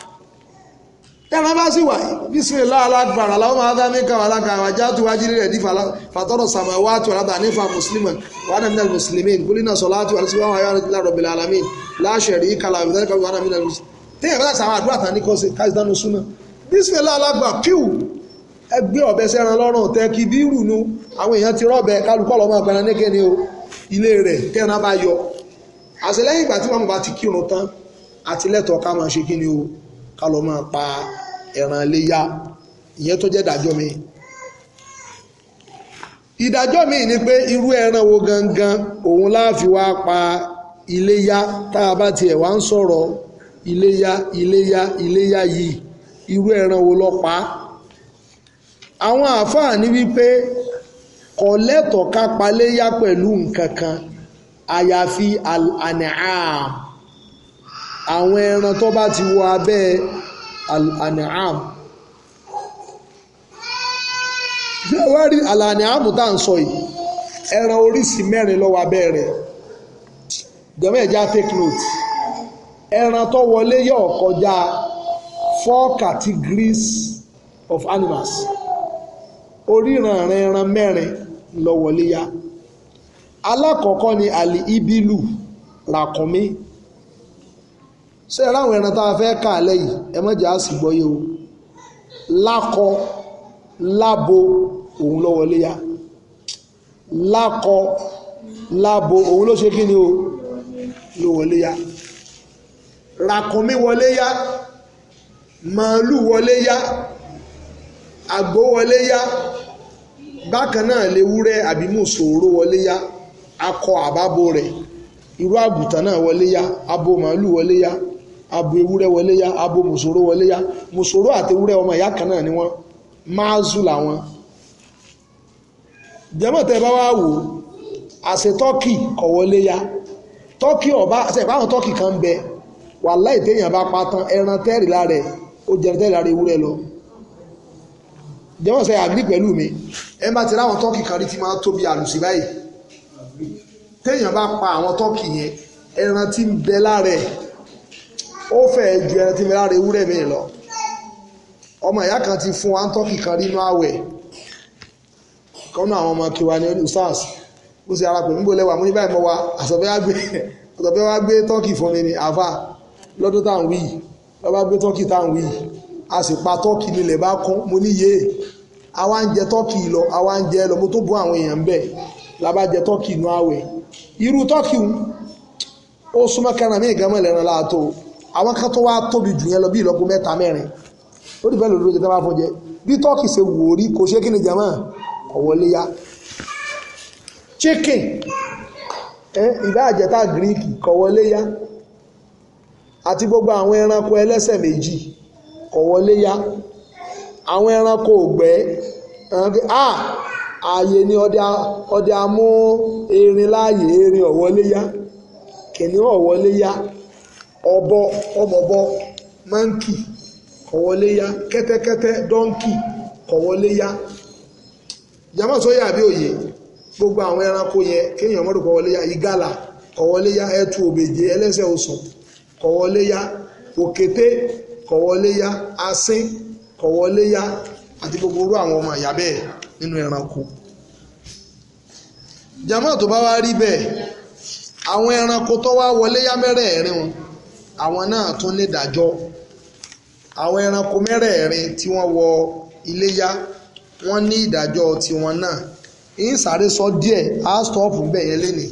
tẹ́ran bá sì wà yìí bísí láàlágbára làwọn máa dá mẹ́ka wà lága àwọn ajá tó wájú rẹ̀ dífà fàtọ́rọ̀ sàmà wà tó rà ní fa mùsùlùmí wà ní àmì mùsùlùmí kúlí náà sọlá tó wà sí wàhálà yàrá ìlà rọ̀bìlà alámì láṣẹ rí kàlà àbí dáríkà wà ní àmì mùsùlùmí. téèyàn bá sàwọn àdúrà tán ní kọ́sí káṣí dánú súnmọ́ bísí láàlágbà píù ẹgbẹ́ ọ̀bẹ sẹ́ran lọ́rùn tẹ kí ká máa pa ẹran léyà ìyẹn tó jẹ́ ìdájọ́ mi ìdájọ́ mi ni pé irú ẹran wo gangan òun láàfi wá pa iléyá tá a bá tiẹ̀ wá ń sọ̀rọ̀ iléyá iléyá iléyá yìí irú ẹran wo lọ pa á àwọn àáfàá ní wípé kò lẹ́tọ̀ọ́ ká paléyá pẹ̀lú nǹkan kan àyàfi al àwọn ẹran tó bá ti wọ abẹ́ al-an'am jẹ́wárí al-an'am tá à ń sọ yìí ẹran oríṣi mẹ́rin ló wọ abẹ́ rẹ̀ jọ̀mọ́ ẹ̀já take note ẹran tó wọlé yóò kọjá four categories of animals oríranran ẹran mẹ́rin ló wọlé alákọ̀ọ́kọ́ ni àlì ibilu ràkúnmí ṣé ẹ ráwọn ẹran tá a fẹ́ kà lẹ́yìn ẹ má jẹ́ o lákọ lábo òun ló wọlé ya lákọ lábo o ló wọlé ya ràkúnmí wọlé ya màálù wọlé ya àgbò wọlé ya bákan náà léwúrẹ́ àbí wọlé ya akọ àbábo rẹ̀ irú àgùntàn náà wọlé ya abo màálù wọlé Abu ewúrẹ́ wọlé yá Abu mùsòrò wọlé yá mùsòrò àti ewúrẹ́ ọmọ ìyá kan náà ni wọ́n máàzù làwọn jẹ́mọ̀tẹ́ bá wá wò àṣẹ tọ́kì kọ̀ wọlé yá tọ́kì ọba ṣe ìbáwọn tọ́kì kan ń bẹ wàláhì téèyàn bá pa tán ẹran tẹ́rì lára ẹ̀ ó jẹun tẹ́rì lára ewúrẹ́ lọ jẹ́mọ̀ sẹ́ àgbí pẹ̀lú mi ẹ bá ti ráwọn tọ́kì kan rí ti máa tóbi àlùsí báyìí téèyàn bá pa àwọn tọ́kì yẹn ẹran tí ń bẹ lára O fẹ́ẹ́ ju ẹran tí mi lára ewúrẹ́ mi lọ ọmọ ìyá kan ti fún wa ń tọ́kì kan nínú àwẹ̀ kọ́nà àwọn ọmọ kí wa ní ọdún ó sì ara pè mí bọ́lẹ́wà mú ní báyìí mọ́ wa wa gbé tọ́kì fún mi ní àfà lọ́dún táwọn wí gbé tọ́kì táwọn wí a sì pa tọ́kì nílẹ̀ bá kún mo lọ àwa ń lọ mo tó bọ́ àwọn èèyàn ń bẹ̀ jẹ tọ́kì àwọn kan tó wá tóbi jù yẹn lọ bí ìlọ́po mẹ́ta mẹ́rin ó dìbẹ́ lòdì lóde tó bá fún jẹ bí tọ́kì ṣe wò rí kò ṣe kí ni jàmọ́ ọ̀wọ́lé yá chicken ìbá àjẹta greek kọ̀wọ́lé yá àti gbogbo àwọn ẹranko ẹlẹ́sẹ̀ méjì kọ̀wọ́lé yá àwọn ẹranko ògbẹ́ ààyè ni ọdẹ amú erin láàyè erin ọ̀wọ́lé yá kìnìún ọ̀wọ́lé yá ọbọbọ-mankey máńkì kọ̀wọ́léyá kẹtẹkẹtẹ dọ́ńkì kọ̀wọ́léyá jama sọ́yà àbí oye gbogbo àwọn ẹranko yẹn kéèyàn mọ́dún kọwọleya ìgalà kọ̀wọ́léyá ẹtù òbèjé ẹlẹ́sẹ̀ osùn kọ̀wọ́léyá òkété kọ̀wọ́léyá asín kọ̀wọ́léyá àti gbogbo orú àwọn ọmọ ìyá nínú ẹranko bá àwọn náà tún nídàájọ́ àwọn ẹranko mẹ́rẹ̀ẹ̀rin tí wọ́n wọ iléyá wọ́n ní ìdájọ́ tiwọn náà ń sáré sọ díẹ̀ á stọ́ọ̀pù bẹ́ẹ̀ yẹn lénìí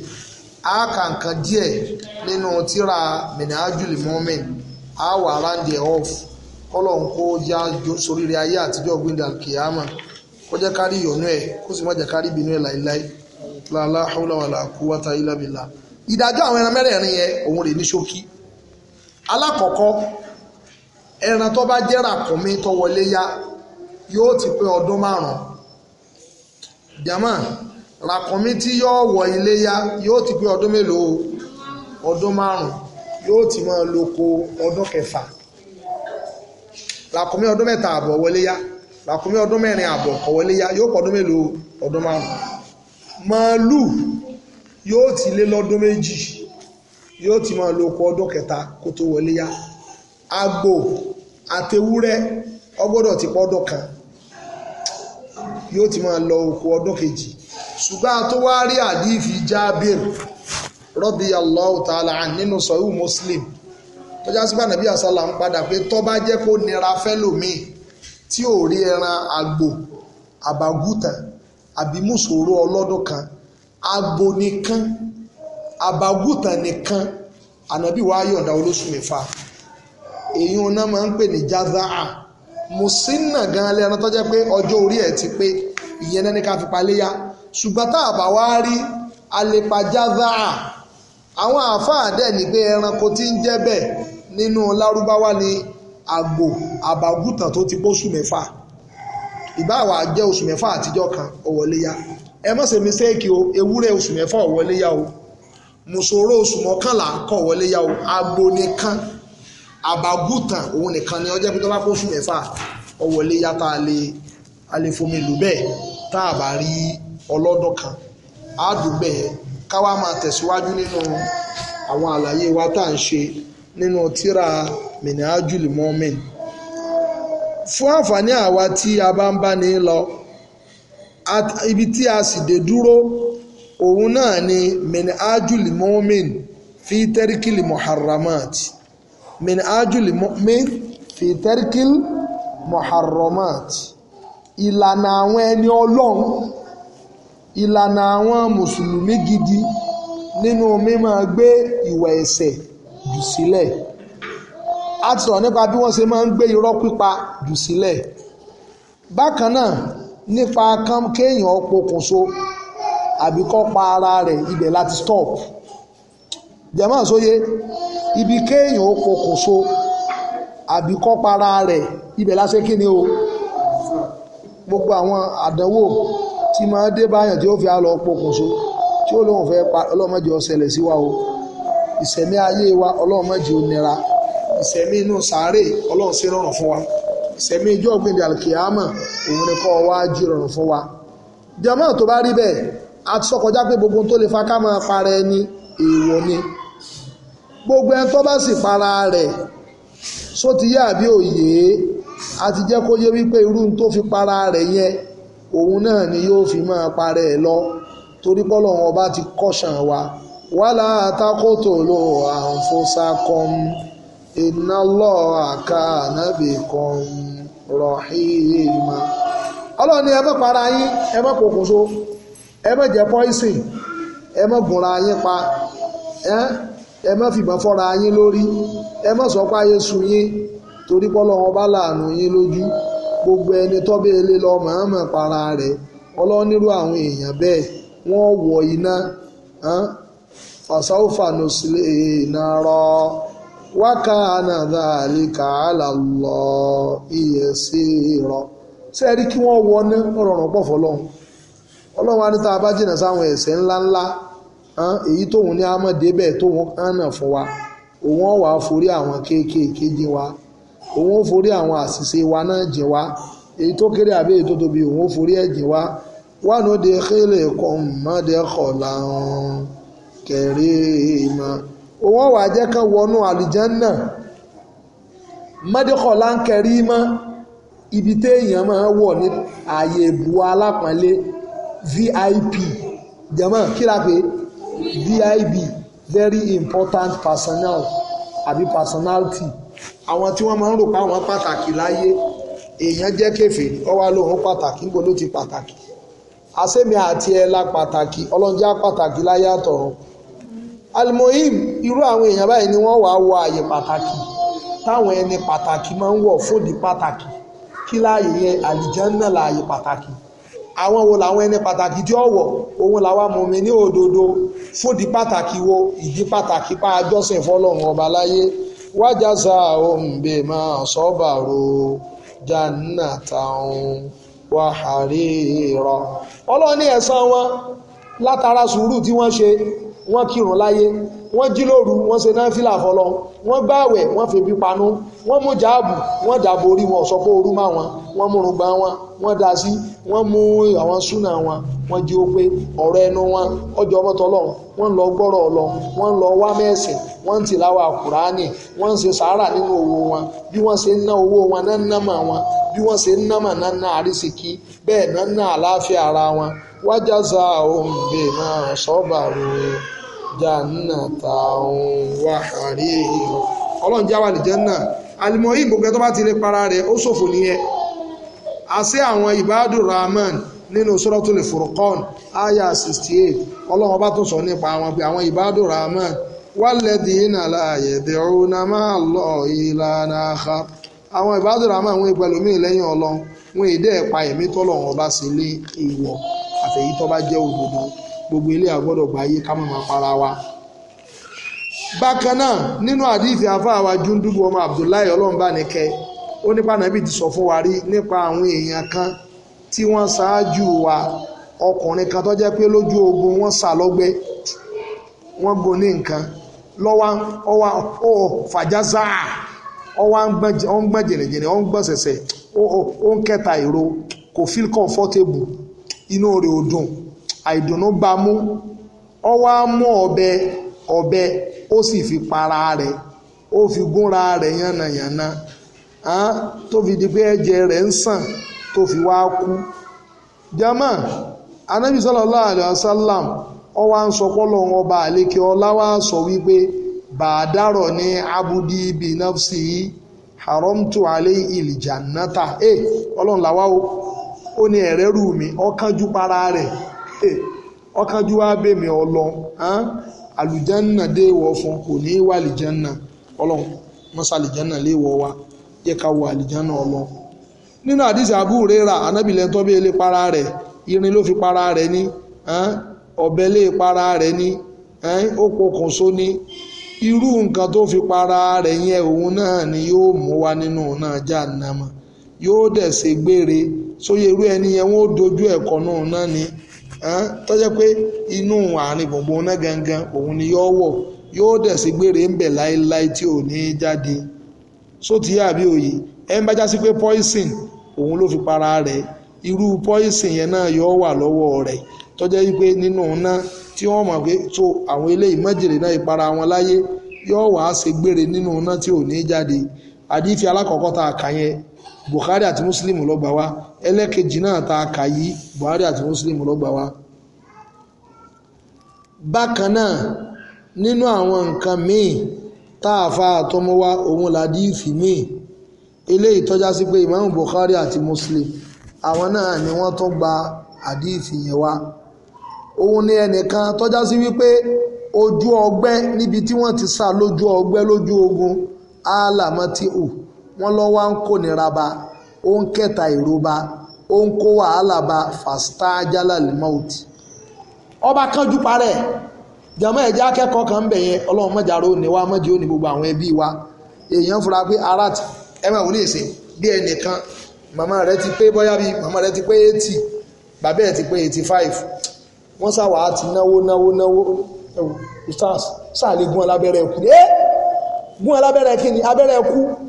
á kà nǹkan díẹ̀ nínú tíra mìnàjúlì mọ́mìn á wà ráńdì ẹ̀ ọ́f kọ́lọ̀ ń kó yá soríire ayé àtijọ́ gbìndà kìámà kó jẹ́ kárí ìyọ̀nú ẹ̀ kó sì má jẹ́ kárí ìbínú ẹ̀ láíláí làlá haúlà wàlà kú wátá ìdájọ́ àwọn ẹran mẹ́rẹ̀ẹ̀rin yẹn òun rè ní ṣókí alákọ̀ọ́kọ́ ẹran tó bá jẹ́ ràkúnmí tó wọlé yá yóò ti pé ọdún márùn-ún jama ràkúnmí tí yóò wọ ilé yá yóò ti pé ọdún mélòó ọdún márùn-ún yóò ti máa loko ọdún kẹfà ràkúnmí ọdún mẹ́ta àbọ̀ wọlé yá ràkúnmí ọdún mẹ́rin àbọ̀ kọ̀ wọlé yá yóò pọ̀ ọdún mélòó ọdún márùn-ún màálù yóò ti lé lọ́dún méjì yóò ti máa lo oko ọdún kẹta kó tó wọlé yá àgbò àtewúrẹ́ ọgbọ́dọ̀ ti pọ́ ọdún kan yóò ti máa lọ oko ọdún kejì ṣùgbọ́n a tó wá rí àdífi jábìr rọ́bì allah ta'ala nínú sọ̀hún muslim tọ́já sí bànàbí àsálà ń padà pé tó bá jẹ́ kó nira fẹ́lòmíì tí ò rí ẹran àgbò àbágùtàn àbí mùsòrò ọlọ́dún kan àgbò nìkan àbágùtàn nìkan ànábì wàá yọ̀ǹda olóṣù mẹ́fà èyí wọn náà máa ń pè ní jazaa mùsínà gan-an lẹ́nu tó jẹ́ pé ọjọ́ orí ẹ̀ ti pé ìyẹn náà ní ká fi paléyà ṣùgbọ́n tá a bá wá rí alepa jazaa àwọn àáfàá dẹ̀ ní pé ẹranko tí ń jẹ́ bẹ́ẹ̀ nínú lárúbáwá ni àgbò àbágùtàn tó ti pósù mẹ́fà ìbáwá jẹ́ oṣù mẹ́fà àtijọ́ kan ọ̀wọ́léyà ẹ má ṣe mistake o ewúrẹ́ oṣù mẹ́fà ọ̀wọ́léyà o mùsòrò oṣù mọ́kànlá kọ̀ wọlé yá o agbo nìkan àbágùtàn òun nìkan ni ọjọ́ pé tó bá kó oṣù mẹ́fà ọwọ́lé yá tá a lè a lè fomi lù bẹ́ẹ̀ tá a bá rí ọlọ́dọ̀ kan á dùn bẹ́ẹ̀ ká máa tẹ̀síwájú nínú àwọn àlàyé wa tá à ń ṣe nínú tíra minhajul mu'min fún àǹfààní àwa tí a bá ń bá ní lọ ibi tí a sì dé dúró òun náà ni min ajuli mu'min fi tẹ́ríkìlì muharramat min ajuli mu'min fi tẹ́ríkìlì muharramat ìlànà àwọn ẹni ọlọ́run ìlànà àwọn mùsùlùmí gidi nínú mímọ́ gbé ìwà ẹ̀ṣẹ̀ jù sílẹ̀ a ti nípa bí wọ́n ṣe máa ń gbé irọ́ pípa jù sílẹ̀ bákan náà nípa kéèyàn àbí kọ́ pa ara rẹ̀ ibẹ̀ láti stop jẹ́mọ́ sóye ibi kéèyàn ó pokòso àbí kọ́ pa ara rẹ̀ ibẹ̀ láti kí ni o gbogbo àwọn àdánwò tí máa dé báyàn tí ó fi àlọ́ pokòso tí ó lóun fẹ́ pa ọlọ́mọdé ọ̀sẹ̀lẹ̀ sí wa o ìsẹ̀mí ayé wa ọlọ́mọdé ò nira ìsẹ̀mí inú sàárè ọlọ́run sí rọrùn fún wa ìsẹ̀mí ijó ọ̀gbìn ìdàlùkì àmọ̀ òun ni kọ́ ọ wá jí rọrùn fún wa jẹ́mọ́ tó bá rí bẹ́ẹ̀ àti sọkọjá pé gbogbo tó lè fa ká máa para ẹni èèwọ̀ ni gbogbo ẹni tó bá sì para rẹ̀ só ti yé àbí òye a ti jẹ́ kó yé wípé irú tó fi para rẹ̀ yẹn òun náà ni yóò fi máa para ẹ̀ lọ torí pọ́lọ́run ọba ti kọ́ṣàn wa wàhálà àtàkótò ló àǹfọ̀sákọ́m iná lọ àká ànábìkan rọ̀hìn ìmọ̀ ọlọ́run ẹ bá para yín ẹ bá pokùnso ẹ má jẹ́ pọ́ìsìn ẹ gùnra yín pa ẹ fìbọn yín lórí ayé yín torí wọn bá yín lójú gbogbo ẹni tọ́bẹ̀ lọ para rẹ̀ àwọn èèyàn bẹ́ẹ̀ wọ́n iná iná rọ wákà àlàlọ́ ìyẹ̀sí rọ sẹ́ẹ̀rí kí wọ́n wọ ní ọlọ́run á ní tá a bá jìnnà sáwọn ẹ̀ṣẹ̀ ńláńlá èyí tóun ní amọ̀débẹ̀ tóun hànà fún wa òun ó wá forí àwọn kéékèèké jìn wa òun ó forí àwọn àṣìṣe wa náà jìn wa èyí tó kéré àbí èyí tó tóbi òun ó forí ẹ̀ jìn wa wà ló de kéèlè kan mọ́dé kọ̀ làwọn kẹrẹ́ mọ́ òun ó wá jẹ́ kán wọnú àlìjánná mọ́dé kọ̀ là mọ́ ibi téèyàn máa wọ̀ ní ààyè ìbúwa alápọ̀nlé vip jẹ̀mọ́ kila la pè vip very important personnel àbí personality àwọn tí wọ́n máa ń rò pé àwọn pàtàkì láyé èèyàn jẹ́ kẹfẹ́ ọwá lóhun pàtàkì níbo ló ti pàtàkì àsèmi àti ẹ̀la pàtàkì ọlọ́njá pàtàkì láyé àtọ̀run alimohim irú àwọn èèyàn báyìí ni wọ́n wàá wọ àyè pàtàkì táwọn ẹni pàtàkì máa ń wọ̀ fòdì pàtàkì kí láàyè yẹn àlìjánná láàyè pàtàkì àwọn wo làwọn ẹni pàtàkì tí ó wọ̀ òun làwa mọ̀mí ní òdodo fòdí pàtàkì wo ìdí pàtàkì pa àjọsìn fọlọ́run ọba láyé wájàsá òǹbẹ máa sọ́bàrò jannatan wàhárìrọ ọlọ́ọ̀ni ẹ̀san wọn látara sùúrù tí wọ́n ṣe wọ́n kírun láyé wọ́n jí lóru wọ́n se náfìlà fọlọ́ wọ́n báwẹ̀ wọ́n fèbí panú wọ́n mú jáàbù wọ́n dàbò orí wọn ọ̀sọ́pọ̀ pé orú wọn wọ́n múrun gbá wọn wọ́n dá sí wọ́n mú àwọn súnà wọn wọ́n jí ó pé ọ̀rọ̀ ẹnu wọn ọjọ́ wọ́n lọ gbọ́rọ̀ lọ wọ́n lọ wá wọ́n ti láwa kùránì jannata wa harira ọlọ́run já wà ní jẹ́nà àlùmọ́ yìí gbogbo ẹ tó bá ti lè para rẹ̀ ó ṣòfò nìyẹn àṣẹ àwọn ibadur rahman nínú suratul furqan aya 68 ọlọ́run ọba tó sọ nípa àwọn pé àwọn ibadur rahman walladhina la yad'una ma'a Allahi ilahan akhar àwọn ibadur rahman wọn ìpẹ́ lómi lẹ́yìn ọlọ́run wọn ìdẹ́ ẹ̀pa ẹ̀mí tọ́lọ́run ọba sí lé ìwọ̀ àfẹ̀yìntọ́ bá jẹ́ òdodo gbogbo ilé àgbọ́dọ̀ gba ayé ká máa para wa. bákan náà nínú àdìsí ọmọ abdullahi ọlọ́mbà nìkẹ́ ó nípa nàbí ti sọ fún wa rí nípa àwọn èèyàn kan tí wọ́n ṣáájú wa ọkùnrin kan tó jẹ́ pé lójú ogun wọ́n sà lọ́gbẹ́ wọ́n ní nǹkan lọ́wọ́ ọwọ́ ọ ọwọ́ ń gbọ́n jìnnìjìnnì ọ ń gbọ́n sẹ̀sẹ̀ ó ń àìdùnnú bá mú ọ wá mú ọ̀bẹ ọ̀bẹ ó sì fi para rẹ̀ ó fi gúnra rẹ̀ yánnayànna tó fi di pé ẹ̀jẹ̀ rẹ̀ ń sàn tó fi wá kú jama anabi sallallahu alayhi wa sallam ọ wá ń sọ pọ́lọ́ ọba àlékè ọlá wá sọ wípé bàdárọ̀ ní abudi bíi nafsi haramtu alẹ́ ìlìjànátà ẹ ọlọ́run làwa o ó ní ẹ̀rẹ́rù mi ọ̀kanjú para rẹ̀ Eh, ọkànjú wa bèmí ọlọ àlùjánà déèwọ̀ fún kò ní í wà àlùjánà ọlọ́run mọ́sá lè wọ wa ká wọ ọlọ. nínú àdìsí Abu Huraira anábìlẹ̀ tó bí para rẹ̀ irin ló fi para rẹ̀ ní ọ̀bẹ lè rẹ̀ ni irú nǹkan tó rẹ̀ òun náà tó jẹ́ pé inú àárín gbogbo náà gangan òun ni yóò wọ̀ yóò dẹ̀ sí gbére ń láéláé tí ò ní jáde sóòtì àbí òye ẹ ń bá sí pé poison òun ló fi para rẹ irú poison yẹn náà yóò wà lọ́wọ́ rẹ tó wọn láyé yóò ṣe gbére nínú ọ̀nà tí ò ní jáde alákọ̀ọ́kọ́ tá a Bukhari àti Muslim ló gbà wá ẹlẹ́kejì náà tá kà yìí Bukhari àti Muslim ló gbà wá. bákan náà nínú àwọn nǹkan míì tá a fa àtọmọ wa míì eléyìí tọ́já sí pé Imam Bukhari àti Muslim àwọn náà ni wọ́n tó gba àdíìfì yẹn wá òun ni ẹnìkan tọ́já sí wípé ojú ọgbẹ́ níbi tí wọ́n ti sá lójú ọgbẹ́ lójú ogun álámọ́tì ò. wọ́n lọ́ wá ń kó nira ba ó ń kẹta ìró ba ó kó wàhálà ba ọba kánjú parẹ́ jàmọ́ akẹ́kọ̀ọ́ kan ń bẹ̀ yẹn ọlọ́run mọ́jà ní àwọn ẹbí wa èèyàn fura pé ara ò ní èsè bí ẹnìkan màmá rẹ ti pé màmá rẹ ti pé eighty bàbá ti pé eighty five wọ́n sá wàá ti náwó náwó náwó stars lè gún ọ lábẹ́rẹ́ ẹ̀kú ẹ́ gún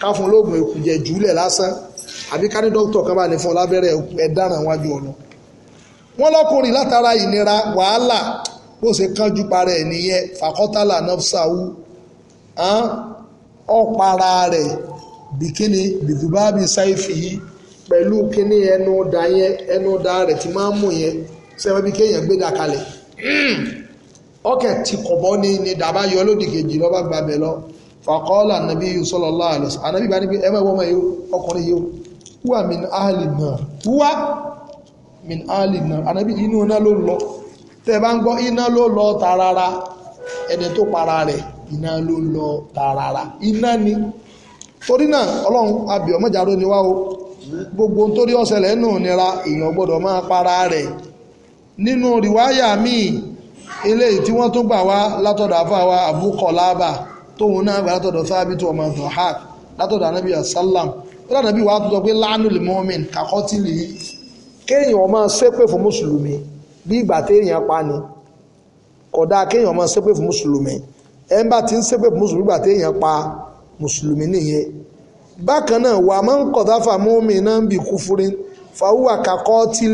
ká fún lóògùn èkùjẹ jùlẹ̀ lásán àbí ká ní dókítà kan bá ní fún lábẹ́rẹ́ ẹ̀dáràn wájú ọ̀nà wọ́n lọ́kùnrin látara ìnira wàhálà bó ṣe kánjú para ẹ̀ nìyẹn fàkọ́tàlà nọ́fṣàwù ọ̀para rẹ̀ bìkíni bìtúbábì sáìfì yìí pẹ̀lú kíní ẹnu ọ̀dà yẹn ẹnu ọ̀dà rẹ̀ ti máa ń mú yẹn sẹ́wọ́n bí kéèyàn gbé dàkalẹ̀ hmm. ọkẹ̀ ti kọ̀bọ́ ni ni dàbá yọ lódì kejì lọ́ba gbàbẹ̀ lọ fàkọ́ọ́lá nàbí sọ́lọ́lá àlọ́sà ànábì bá ní pé ẹmọ ìwọ́mọ yóò ọkùnrin yóò wúwà min áàlì náà wúwà min áàlì náà ànábì inú iná ló lọ tẹ́ bá ń gbọ́ iná ló lọ tààràrà ẹni tó para rẹ̀ iná ló lọ tààràrà iná ni torí náà ọlọ́run abì ọmọjàró ni wá o gbogbo nítorí ọ̀sẹ̀ lẹ́nu nira èèyàn gbọ́dọ̀ máa para rẹ̀ nínú rìwáyà míì eléyìí tí wọ́n tún gbà wá látọ̀dọ̀ àfáà wa àbúkọ̀ lábàá tóun náà gbà látọ̀dọ̀ sábìtì ọmọ zohar látọ̀dọ̀ anábì asalam ó dàbí wàá tuntun pé lánàá lè mọ́mìn kakọ́tìlì yìí kéèyàn máa ṣépè fún mùsùlùmí bí ìgbà téèyàn pa ni kódà kéèyàn fún mùsùlùmí ẹ̀ ń bá ti ń fún wà máa ń kọ̀dá náà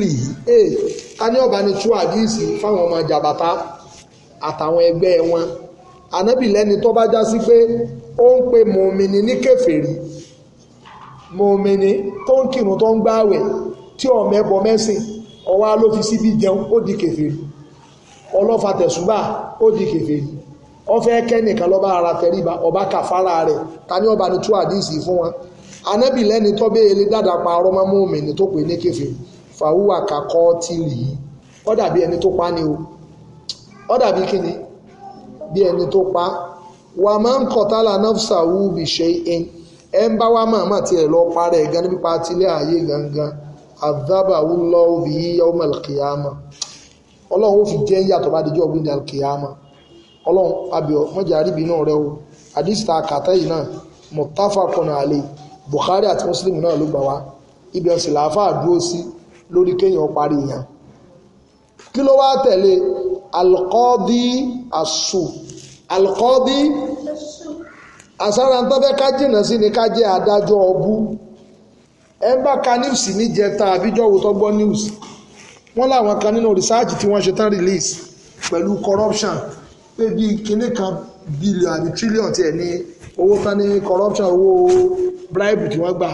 ń ee ká ní fáwọn ọmọ àtàwọn ẹgbẹ́ ànábì lẹ́ni tó bá já sí pé ó ń pe mòmìnì ní kèfèrí mòmìnì tó ń kírun tó ń gbáwẹ̀ tí ọmọ ẹbọ mẹ́sìn ọwá ló fi síbi jẹun ó di kèfèrí ọlọ́fà tẹ̀sùbà ó di kèfèrí ọfẹ́ kẹ́nìkan lọ́ba ara tẹríba ọba kàfàrà rẹ̀ ta ní ọba ni tú àdíìsì fún wọn ànábì lẹ́ni tó bẹ́ẹ̀ lé dáadáa pa arọ́mọ́ mòmìnì tó pè ní kèfèrí fàwúwà kakọ́ tìlì yìí ó ẹni tó pa ni o ó dàbí bí ẹni tó pa wà máa ń kọ̀tàlà nafsa wù bí ṣe in ẹ ń bá wa màmá tiẹ̀ lọ parẹ́ gan níbi patilẹ̀ ayé gangan àdábà wù lọ òbí yawm al-qiyama ọlọ́run ó fi jẹ́ yàtọ̀ bá dijọ́ ọ̀gbìn al-qiyama ọlọ́run abiyọ̀ mọ́jà ríbi náà rẹ o àdìsítà kàtà yìí náà mọ̀tàfà kọ̀nà àlè Bukhari àti Muslim náà ló gbà wá ibi ọ̀sìn làáfà dúró sí lórí kéèyàn parí yàn kí ló wá tẹ̀lé alkọ́dí àṣù alkọ́dí àsára tó fẹ́ ká jìnà sí ni ká jẹ́ adájọ́ ọbú ẹ bá ka news níjẹta àbíjọ́wò tó gbọ́ news wọ́n láwọn kan nínú research tí wọ́n ṣe tán release pẹ̀lú corruption pé bíi kinní kan bílíọ̀n àbí trillion tiẹ̀ ní owó tán ní corruption owó bribe tí wọ́n gbà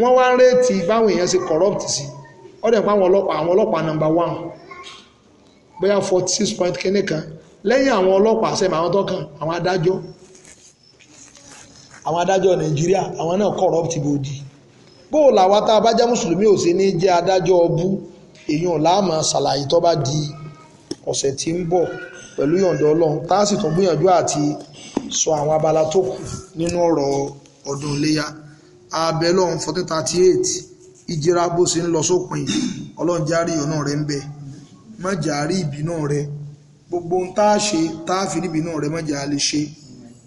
wọ́n wá ń rétí báwọn èèyàn ṣe corrupt sí ọ̀dẹ̀ pa àwọn ọlọ́pàá àwọn ọlọ́pàá number one bóyá forty six point kínní kan lẹ́yìn àwọn ọlọ́pàá sẹ́mi àwọn tó kàn àwọn adájọ́ àwọn adájọ́ nàìjíríà àwọn náà corrupt bòdì bó o làwa tá a bá jẹ́ mùsùlùmí ò sí ní jẹ́ adájọ́ ọbú èèyàn láàmú ṣàlàyé tó bá di ọ̀sẹ̀ tí ń bọ̀ pẹ̀lú yọ̀ǹda ọlọ́run tá a sì tún gbìyànjú àti sọ àwọn abala tó kù nínú ọ̀rọ̀ ọdún iléyà abẹ́ fourteen thirty eight ìjìra bó ṣe ń lọ sópin ọlọ́run járe ọ̀nà rẹ̀ ń bẹ́ẹ̀ má jà á rí ìbínú rẹ gbogbo ohun tá a ṣe tá a fi rí ìbínú rẹ má jà á lè ṣe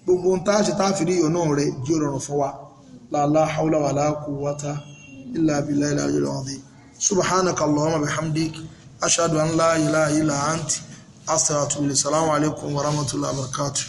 gbogbo ohun tá a ṣe tá a fi rí ìyọnú rẹ jí ó rọrùn fún wa làlá haúlá wà láàkú wáta ilà abilà ilà abilà ọ̀dẹ subhanaka allahumma bihamdik ashhadu an la ilaha illa anti astaghfiruka wa wa rahmatullahi wa